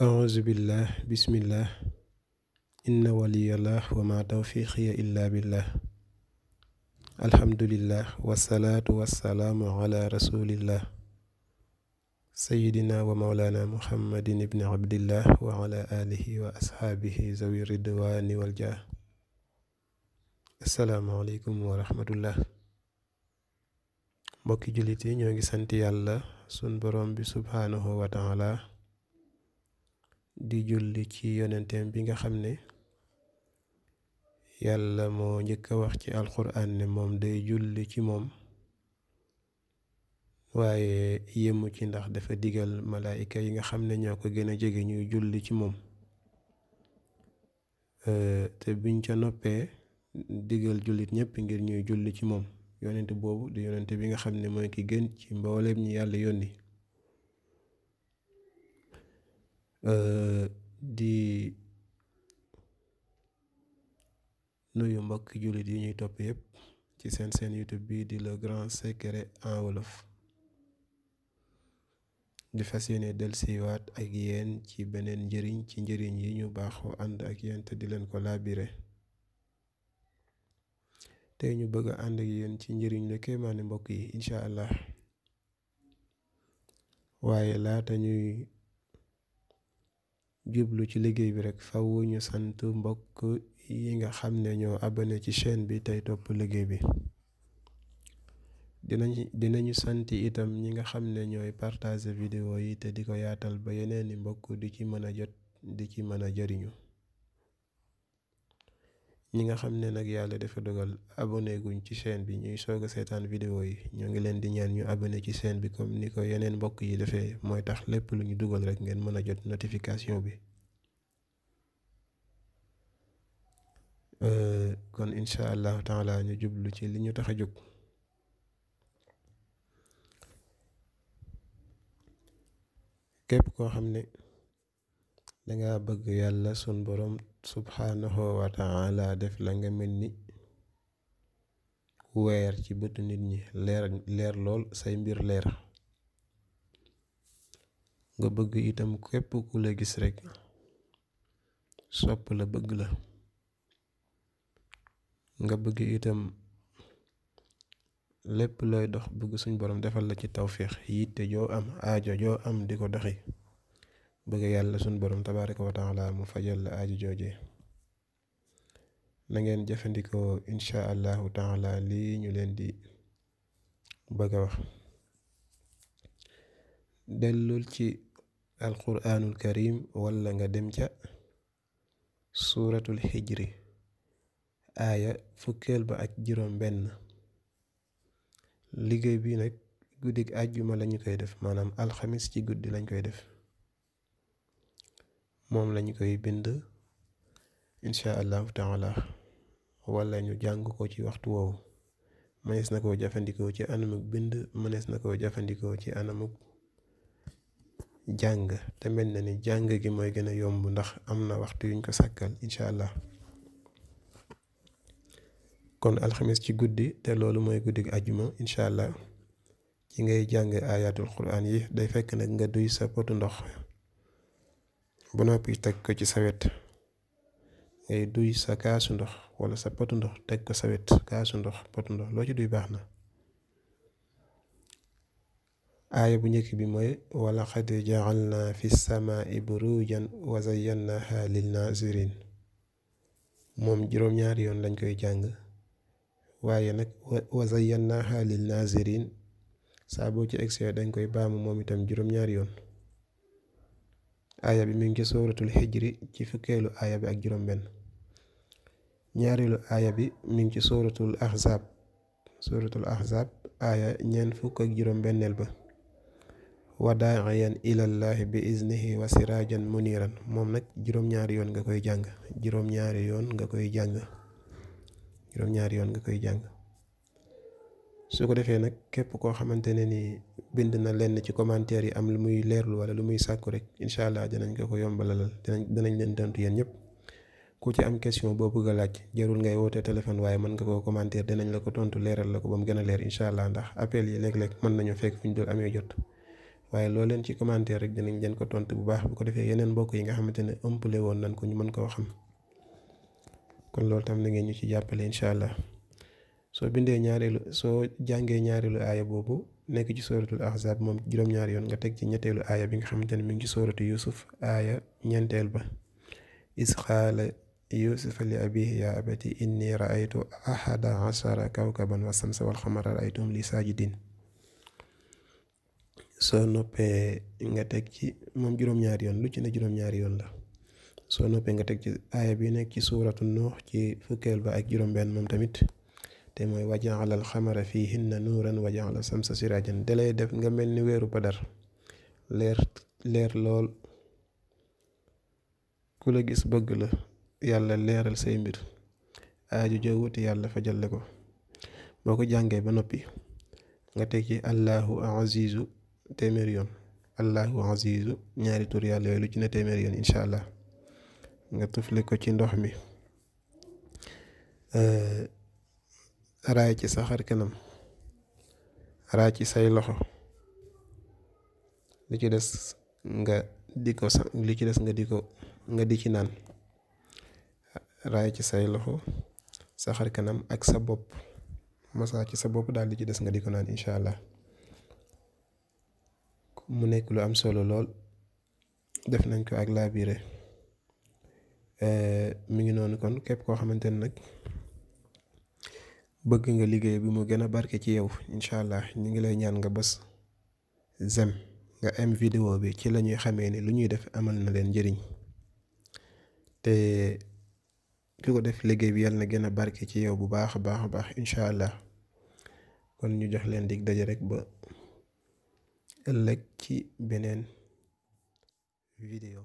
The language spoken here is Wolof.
أعوذ بالله بسم الله إن ولي الله وما توفيقي إلا بالله الحمد لله والصلاة والسلام على رسول الله سيدنا ومولانا محمد بن عبد الله وعلى آله وأصحابه ذوي الرضوان والجاه السلام عليكم ورحمة الله بوكي yi ñoo ngi يالا سون بروم بي سبحانه وتعالى di julli ci yonenteem bi nga xam ne yàlla moo njëkk a wax ci alxuraan ne moom day julli ci moom waaye yemu ci ndax dafa digal malaayika yi nga xam ne ñoo ko gën a jege ñuy julli ci moom euh, te biñ ca noppee digal jullit ñépp ngir ñuy julli ci moom yonent boobu di yonent bi nga xam ne mooy ki gën ci mbooleem ñi yàlla yónni Euh, di nuyu mbokk jullit yi ñuy topp yépp ci seen seen youtube bi di le grand secret en wolof di fas yéene dellusiwaat ak yéen ci beneen njëriñ ci njëriñ yi ñu baaxoo ànd ak yéen te di leen ko laabire tey ñu bëgg a ànd ak yéen ci njëriñ la kéemaane mbokk yi incha allah waaye laata ñuy jublu ci liggéey bi rek faw ñu sant mbokk yi nga xam ne ñoo abonné ci chaîne bi tey topp liggéey bi dinañ dinañu sant itam ñi nga xam ne ñooy partager vidéo yi te di ko yaatal ba yeneeni mbokk di ci mën a jot di ci mën a jariñu ñi nga xam ne nag yàlla dafa dogal abonné ci chaîne bi ñuy soog a seetaan vidéo yi ñoo ngi leen di ñaan ñu abonné ci seen bi comme ni ko yeneen mbokk yi defee mooy tax lépp lu ñu dugal rek ngeen mën a jot notification bi. Euh, kon incha allahu taala ñu jublu ci li ñu tax a jóg. képp koo xam ne. danga bëgg yàlla sun boroom subhanahu wa def la nga mel ni weer ci bëtu nit ñi leer leer lool say mbir leer nga bëgg itam képp ku la gis rekk sopp la bëgg la nga bëgg itam lépp looy dox bëgg suñ boroom defal la ci tawféex yitte joo am aajo joo am di ko doxi bëgg yàlla sunu borom tabaaraka wa taala mu fajal la aaju jooje na ngeen jëfandikoo incha allahu taala lii ñu leen di bëgg a wax dellul ci alquraanul karim wala nga dem ca suuratul xijri aaya fukkeel ba ak juróom benn liggéey bi nag guddig àjjuma lañu koy def maanaam alxamis ci guddi lañ koy def moom lañ koy bind incha allahu taala wala ñu jàng ko ci waxtu woowu mënees na koo jëfandikoo ci anamuk bind mënees na koo jëfandikoo ci anamuk jàng te mel na ni jàng gi mooy gën a yomb ndax am na waxtu yuñ ko sàkkal incha allah kon alxames ci guddi te loolu mooy guddi ajuma incha allah ci ngay jàng ayatul quran yi day fekk nag nga duy sa potu ndox ba noppi teg ko ci sawet wet ngay eh, duy sa kaasu ndox wala sa potu ndox teg ko sa kaasu ndox potu ndox loo ci duy baax na aaya bu njëkk bi mooy wala xad ja'alna fi samaai burujan wa zayyannaha lil nazirin moom juróom-ñaari koy jàng waaye nag wa zayyannaha lil nazirin saa boo ci egsee dañ koy baamu moom itam juróom-ñaari yoon aaya bi mi ngi ci sooratul xijri ci fukkeelu aaya bi ak juróom-benn ñaareelu aaya bi mi ngi ci sooratul ahzab sooratul ahzab aaya ñeent fukk ak juróom-benneel ba wa daaiyan ilallaahi bi iznihi wa siraajan muniran moom nag juróom-ñaari yoon nga koy jàng juróom-ñaari yoon nga koy jàng juróom-ñaari yoon nga koy jàng su ko defee nag képp koo xamante ne ni bind na lenn ci commentaire yi am lu muy leerlu wala lu muy sàkku rek incha allah danañ ko ko yombalalal danañ danañ leen tontu yéen ñëpp ku ci am question boo bëgg a laaj jarul ngay woote téléphone waaye mën nga koo commentaire danañ la ko tontu leeral la ko ba mu gën leer incha allah ndax appel yi léeg-léeg mën nañu fekk fu ñu dul amee jot waaye lool leen ci commentaire rek dinañ leen ko tontu bu baax bu ko defee yeneen mbokk yi nga xamante ne ëmpale woon nañ ko ñu mën koo xam loolu tam na ngeen ñu ci jàppale incha allah. soo bindee ñaareelu soo jàngee ñaareelu aaya boobu nekk ci sóoratul ahzab moom juróom-ñaari yoon nga teg ci ñetteelu aaya bi nga xamante ne mi ngi ci sóoratu yusuf aaya ñeenteel ba is qaala yusufa li abihi ya abati inni raaytu ahada ashara kawkaban wa samsa wal xamara raaytum li saajidin soo noppee nga teg ci moom juróom-ñaari yoon lu ci ne juróom-ñaari yoon la soo noppee nga teg ci aaya bi nekk ci sóoratu nuux ci fukkeel ba ak juróom-benn moom tamit te mooy wa jaala alxamara fiihinna nuuran wa jaala samsa siraajan dalay def nga mel ni weeru badar leer leer lool ku gis bëgg la yàlla leeral say mbir aaju joo yàlla fajal la ko boo ba noppi nga teg allahu azizu téeméer allahu azizu ñaari tur yàlla yooyu lu ci ne téeméer yoon nga tufli ko ci ndox mi raay ci sa xar kanam raay ci say loxo lu ci des nga di ko li ci des nga di ko nga di ci naan raay ci say loxo sa xar kanam ak sa bopp masaa ci sa bopp daal li ci des nga di ko naan incha allah mu nekk lu am solo lool def nañ ko ak laabiire eh, mu ngi noonu kon képp koo xamante ne nag bëgg nga liggéey bi mu gën a barke ci yow inshallah allah ñu ngi lay ñaan nga bës zem nga am vidéo bi ci lañuy xamee ni lu ñuy def amal na leen njëriñ te ki ko def liggéey bi yàlla na gën a barke ci yow bu baax a baax a baax inshallah kon ñu jox leen dig daje rek ba ëllëg ci beneen vidéo